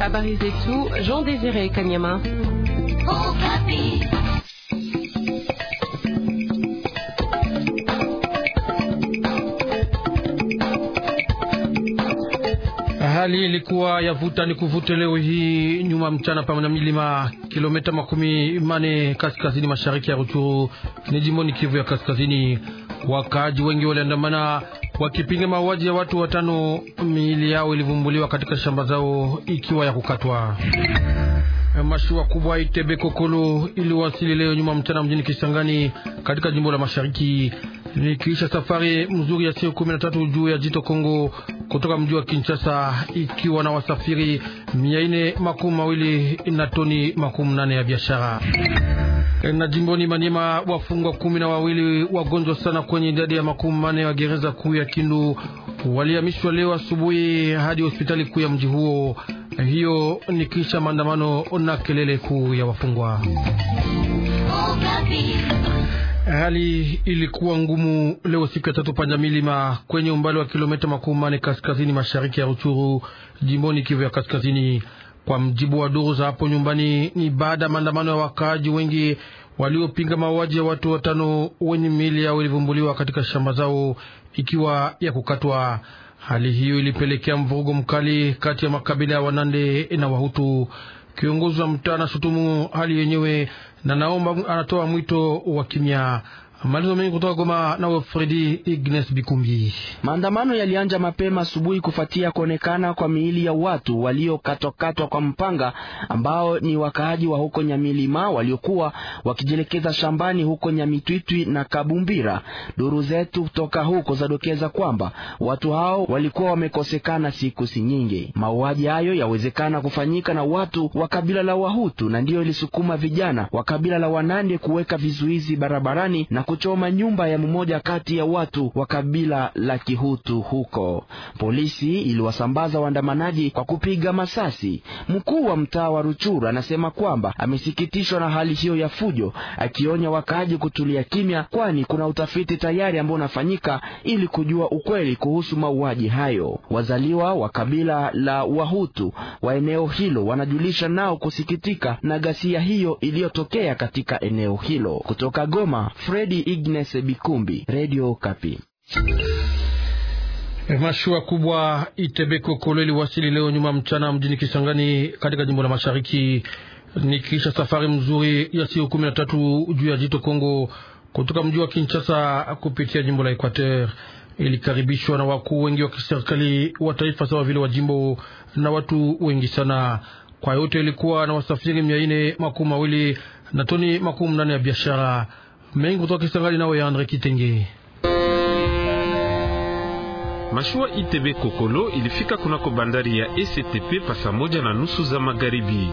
Habari zetu Jean Désiré Kanyama. Okapi. Hali ilikuwa vuta ni kuvute leo hii nyuma mchana pamoja milima kilomita makumi mane kaskazini mashariki ya Ruchuru ni jimboni Kivu ya kaskazini. Wakaaji wengi waliandamana wakipinga mauaji ya watu watano, miili yao ilivumbuliwa katika shamba zao ikiwa ya kukatwa. Mashua kubwa Itebe Kokolo iliwasili leo nyuma mchana mjini Kisangani katika jimbo la Mashariki nikiisha safari mzuri ya siku kumi na tatu juu ya jito Kongo kutoka mji wa Kinshasa ikiwa na wasafiri mia nne makumi mawili na toni makumi nane ya biashara. Eh, na jimboni Manyema, wafungwa kumi na wawili wagonjwa sana kwenye idadi ya makumi mane wa gereza kuu ya Kindu walihamishwa leo asubuhi hadi hospitali kuu ya mji huo. Eh, hiyo ni kisha maandamano na kelele kuu ya wafungwa. Eh, hali ilikuwa ngumu leo siku ya tatu panja milima kwenye umbali wa kilomita makumi mane kaskazini mashariki ya Ruchuru, jimboni Kivu ya kaskazini. Kwa mjibu wa duru za hapo nyumbani, ni baada ya maandamano ya wakaaji wengi waliopinga mauaji ya watu watano wenye miili yao ilivumbuliwa katika shamba zao ikiwa ya kukatwa. Hali hiyo ilipelekea mvurugo mkali kati ya makabila ya Wanande na Wahutu. Kiongozi wa mtaa anashutumu hali yenyewe na naomba, anatoa mwito wa kimya. Malizo mengi kutoka Goma na Fredi Ignes Bikumbi. Maandamano yalianja mapema asubuhi kufuatia kuonekana kwa miili ya watu waliokatwakatwa kwa mpanga ambao ni wakaaji wa huko Nyamilima waliokuwa wakijielekeza shambani huko Nyamitwitwi na Kabumbira. Duru zetu kutoka huko zadokeza kwamba watu hao walikuwa wamekosekana siku si nyingi. Mauaji hayo yawezekana kufanyika na watu wa kabila la Wahutu na ndiyo ilisukuma vijana wa kabila la Wanande kuweka vizuizi barabarani na kuchoma nyumba ya mmoja kati ya watu wa kabila la Kihutu huko. Polisi iliwasambaza waandamanaji kwa kupiga masasi. Mkuu wa mtaa wa Ruchuru anasema kwamba amesikitishwa na hali hiyo ya fujo, akionya wakaaji kutulia kimya, kwani kuna utafiti tayari ambao unafanyika ili kujua ukweli kuhusu mauaji hayo. Wazaliwa wa kabila la Wahutu wa eneo hilo wanajulisha nao kusikitika na ghasia hiyo iliyotokea katika eneo hilo. Kutoka Goma, Fredi Ignes Bikumbi, Radio Kapi. Eh, mashua kubwa Itebeko Kolo iliwasili leo nyuma mchana mjini Kisangani katika jimbo la Mashariki, nikisha safari mzuri ya siku kumi na tatu juu ya jito Kongo kutoka mji wa Kinshasa kupitia jimbo la Equateur. Ilikaribishwa na wakuu wengi wa kiserikali wa taifa sawa vile wa jimbo na watu wengi sana. Kwa yote ilikuwa na wasafiri mia nne makumi mawili na toni makumi nane ya biashara mengi kutoka Kisangani, nawe Andre Kitenge. Mashua ITB Kokolo ilifika kunako bandari ya STP pasa moja na nusu za magharibi.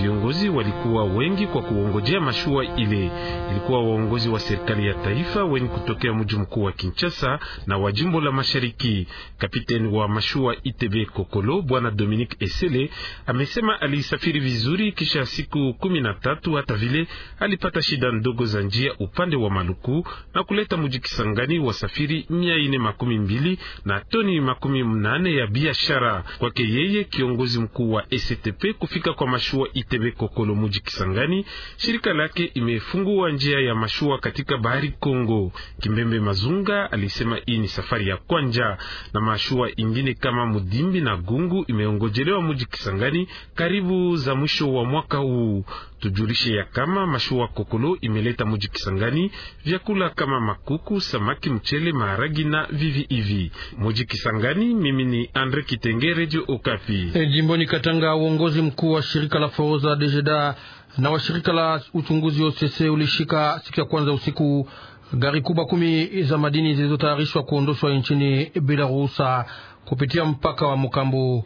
Viongozi walikuwa wengi kwa kuongojea mashua ile. Ilikuwa waongozi wa serikali ya taifa wengi kutokea mji mkuu wa Kinshasa na wa jimbo la Mashariki. Kapiteni wa mashua ITB Kokolo bwana Dominique Esele amesema alisafiri vizuri kisha siku kumi na tatu, hata vile alipata shida ndogo za njia upande wa Maluku na kuleta mji Kisangani wasafiri mia ine makumi mbili na tony makumi mnane ya biashara kwake yeye, kiongozi mkuu wa STP kufika kwa mashua Itebe Kokolo muji Kisangani. Shirika lake imefungua njia ya mashua katika bahari Kongo. Kimbembe Mazunga alisema hii ni safari ya kwanja na mashua ingine kama Mudimbi na Gungu imeongojelewa muji Kisangani karibu za mwisho wa mwaka huu. Tujulishe ya kama mashua Kokolo imeleta muji Kisangani vyakula kama makuku, samaki, mchele, maharagi na vivi hivi muji Kisangani. Mimi ni Andre Kitenge, Radio Okapi. Hey, jimboni Katanga, uongozi mkuu wa shirika la Foroza Dejeda na wa shirika la uchunguzi OCC ulishika siku ya kwanza usiku gari kubwa kumi za madini zilizotayarishwa kuondoshwa nchini bila ruhusa kupitia mpaka wa Mukambu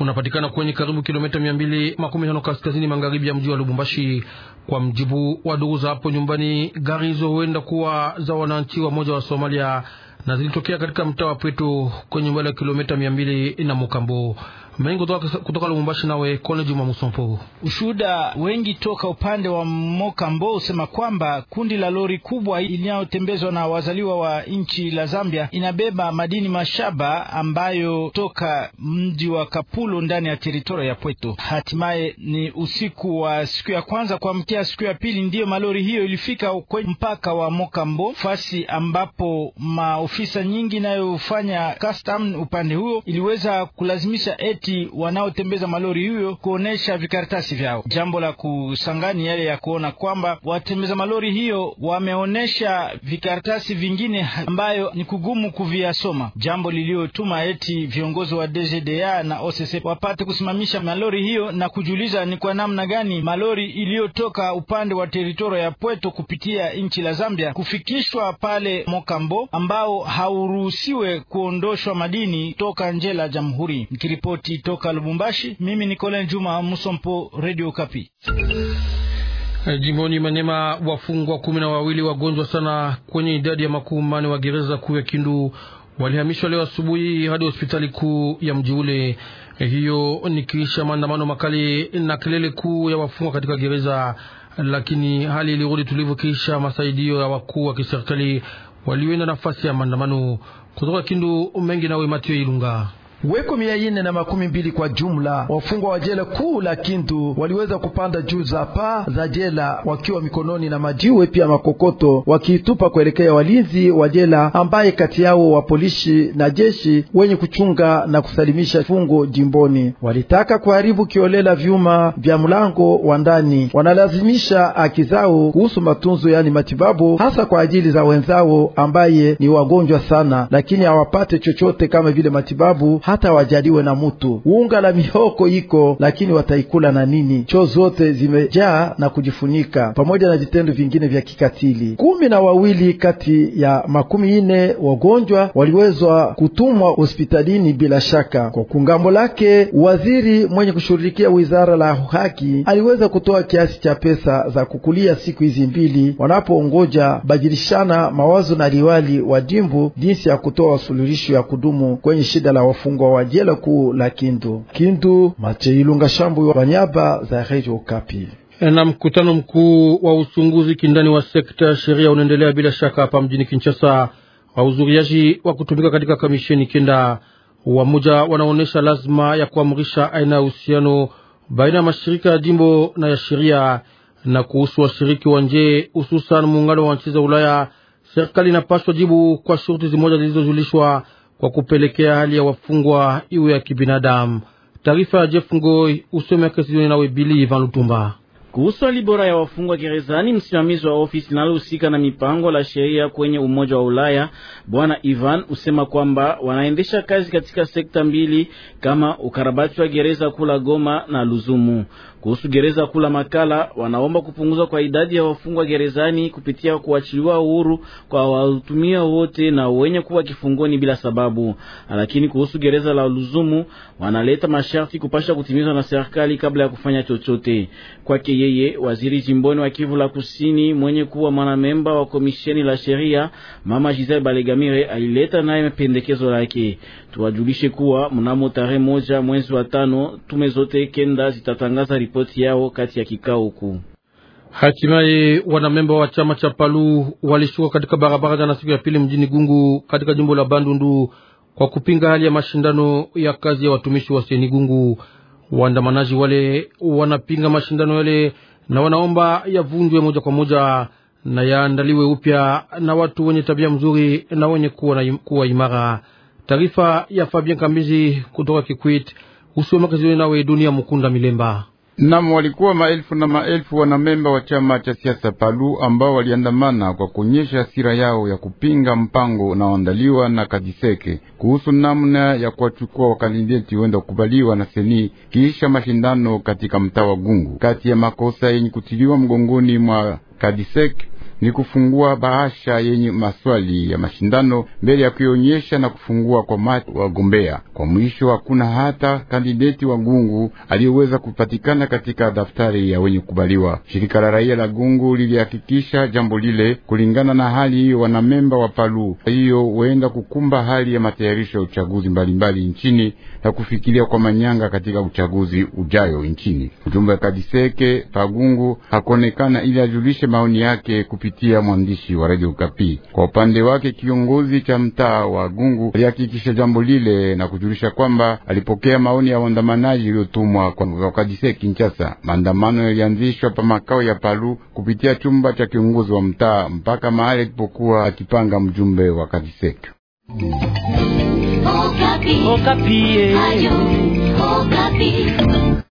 unapatikana kwenye karibu kilomita 215 kaskazini magharibi ya mji wa Lubumbashi. Kwa mjibu wa ndugu za hapo nyumbani, gari hizo huenda kuwa za wananchi wa moja wa Somalia na zilitokea katika mtaa wa Pweto kwenye umbali wa kilomita 200 na Mukambo mengi kutoka, kutoka Lubumbashi nawe college mwa Musompo. Ushuhuda wengi toka upande wa Mokambo usema kwamba kundi la lori kubwa inayotembezwa na wazaliwa wa nchi la Zambia inabeba madini mashaba ambayo toka mji wa Kapulo ndani ya teritoria ya Pweto. Hatimaye ni usiku wa siku ya kwanza kuamkia siku ya pili ndiyo malori hiyo ilifika kwenye mpaka wa Mokambo, fasi ambapo maofisa nyingi inayofanya custom upande huo iliweza kulazimisha eti wakati wanaotembeza malori hiyo kuonesha vikaratasi vyao, jambo la kusangani yale ya kuona kwamba watembeza malori hiyo wameonesha vikaratasi vingine ambayo ni kugumu kuviyasoma, jambo liliyotuma eti viongozi wa DGDA na OCC wapate kusimamisha malori hiyo na kujuliza ni kwa namna gani malori iliyotoka upande wa teritorio ya Pweto kupitia nchi la Zambia kufikishwa pale Mokambo ambao hauruhusiwe kuondoshwa madini toka nje la jamhuri. Nikiripoti toka Lubumbashi. Mimi ni Colin Juma Musompo, Radio Kapi. Eh, jimboni Manema, wafungwa kumi na wawili wagonjwa sana kwenye idadi ya makumi mane wa gereza kuu ya Kindu walihamishwa leo asubuhi hadi hospitali kuu ya mji ule. Eh, hiyo ni kisha maandamano makali na kelele kuu ya wafungwa katika gereza, lakini hali ilirudi tulivu kisha masaidio ya wakuu wa kiserikali walioenda nafasi ya maandamano kutoka Kindu. Mengi nawe Mathieu Ilunga weko mia ine na makumi mbili kwa jumla. Wafungwa wa jela kuu la Kindu waliweza kupanda juu za paa za jela wakiwa mikononi na majiwe pia makokoto, wakiitupa kuelekea walinzi wa jela ambaye kati yao wapolishi na jeshi wenye kuchunga na kusalimisha fungo jimboni. Walitaka kuharibu kiolela vyuma vya mlango wa ndani, wanalazimisha haki zao kuhusu matunzo, yani matibabu, hasa kwa ajili za wenzao ambaye ni wagonjwa sana, lakini hawapate chochote kama vile matibabu hata wajaliwe na mutu. Unga la mihoko iko, lakini wataikula na nini? Choo zote zimejaa na kujifunika, pamoja na vitendo vingine vya kikatili. Kumi na wawili kati ya makumi ine wagonjwa waliwezwa kutumwa hospitalini bila shaka. Kwa kungambo lake, waziri mwenye kushughulikia wizara la haki aliweza kutoa kiasi cha pesa za kukulia siku hizi mbili, wanapoongoja bajilishana mawazo na liwali wa jimbo jinsi ya kutoa suluhisho ya kudumu kwenye shida la wafungwa mlangwa wa jela kuu la Kindu. Kindu Ilunga Shambu wa nyaba za Radio Okapi na mkutano mkuu wa uchunguzi kindani wa sekta ya sheria unaendelea bila shaka hapa mjini Kinshasa. Wahudhuriaji wa kutumika katika kamisheni kenda wamoja wanaonyesha lazima ya kuamrisha aina ya uhusiano baina ya mashirika ya jimbo na ya sheria. Na kuhusu washiriki wa nje, hususan muungano wa nchi za Ulaya, serikali inapaswa jibu kwa shurti zimoja zilizojulishwa kwa kupelekea hali ya wafungwa iwe ya kibinadamu. Taarifa ya Jeff Ngoi usome Kesioni nawe Bili Van Lutumba. Kuhusu hali bora ya wafungwa gerezani, msimamizi wa ofisi linalohusika na mipango la sheria kwenye Umoja wa Ulaya Bwana Ivan husema kwamba wanaendesha kazi katika sekta mbili kama ukarabati wa gereza kula Goma na Luzumu. Kuhusu gereza kula Makala, wanaomba kupunguzwa kwa idadi ya wafungwa gerezani kupitia kuachiliwa uhuru kwa watumia wote na wenye kuwa kifungoni bila sababu. Lakini kuhusu gereza la Luzumu, wanaleta masharti kupasha kutimizwa na serikali kabla ya kufanya chochote kwake yeye waziri jimboni wa Kivu la Kusini mwenye kuwa mwanamemba wa komisheni la sheria Mama Giselle Balegamire alileta naye pendekezo lake. Tuwajulishe kuwa mnamo tarehe moja mwezi wa tano tume zote kenda zitatangaza ripoti yao kati ya kikao kuu. Hatimaye wanamemba wa chama cha Palu walishuka katika barabara jana siku ya pili mjini Gungu katika jimbo la Bandundu kwa kupinga hali ya mashindano ya kazi ya watumishi wa Seni Gungu. Waandamanaji wale wanapinga mashindano yale na wanaomba yavunjwe moja kwa moja na yaandaliwe upya na watu wenye tabia mzuri na wenye kuwa, na kuwa imara. Taarifa ya Fabien Kambizi kutoka Kikwit, usiwe makaziwe nawe dunia Mukunda Milemba. Nam walikuwa maelfu na maelfu wanamemba wa chama cha siasa Palu ambao waliandamana kwa kuonyesha hasira yao ya kupinga mpango unaoandaliwa na Kadiseke kuhusu namna ya kuwachukua wakandideti wenda kukubaliwa na seni kisha mashindano katika mtaa wa Gungu. Kati ya makosa yenye kutiliwa mgongoni mwa Kadiseke ni kufungua bahasha yenye maswali ya mashindano mbele ya kuionyesha na kufungua kwa macho wagombea. Kwa mwisho, hakuna hata kandideti wa Gungu aliyeweza kupatikana katika daftari ya wenye kubaliwa. Shirika la raia la Gungu lilihakikisha jambo lile. Kulingana na hali hiyo, wanamemba wa Palu hiyo huenda kukumba hali ya matayarisho ya uchaguzi mbalimbali mbali nchini na kufikiria kwa manyanga katika uchaguzi ujayo nchini. Mjumbe wa Kadiseke Pagungu hakuonekana ili ajulishe maoni yake kupitia kupitia mwandishi wa Radio Kapi. Kwa upande wake, kiongozi cha mtaa wa Gungu alihakikisha jambo lile na kujulisha kwamba alipokea maoni ya waandamanaji iliyotumwa kwa wakadise Kinshasa. Maandamano yalianzishwa pa makao ya Palu kupitia chumba cha kiongozi wa mtaa mpaka mahali alipokuwa akipanga mjumbe wa kadise Okapi. Oh, Okapi. Oh, eh. Ayu, Okapi. Oh,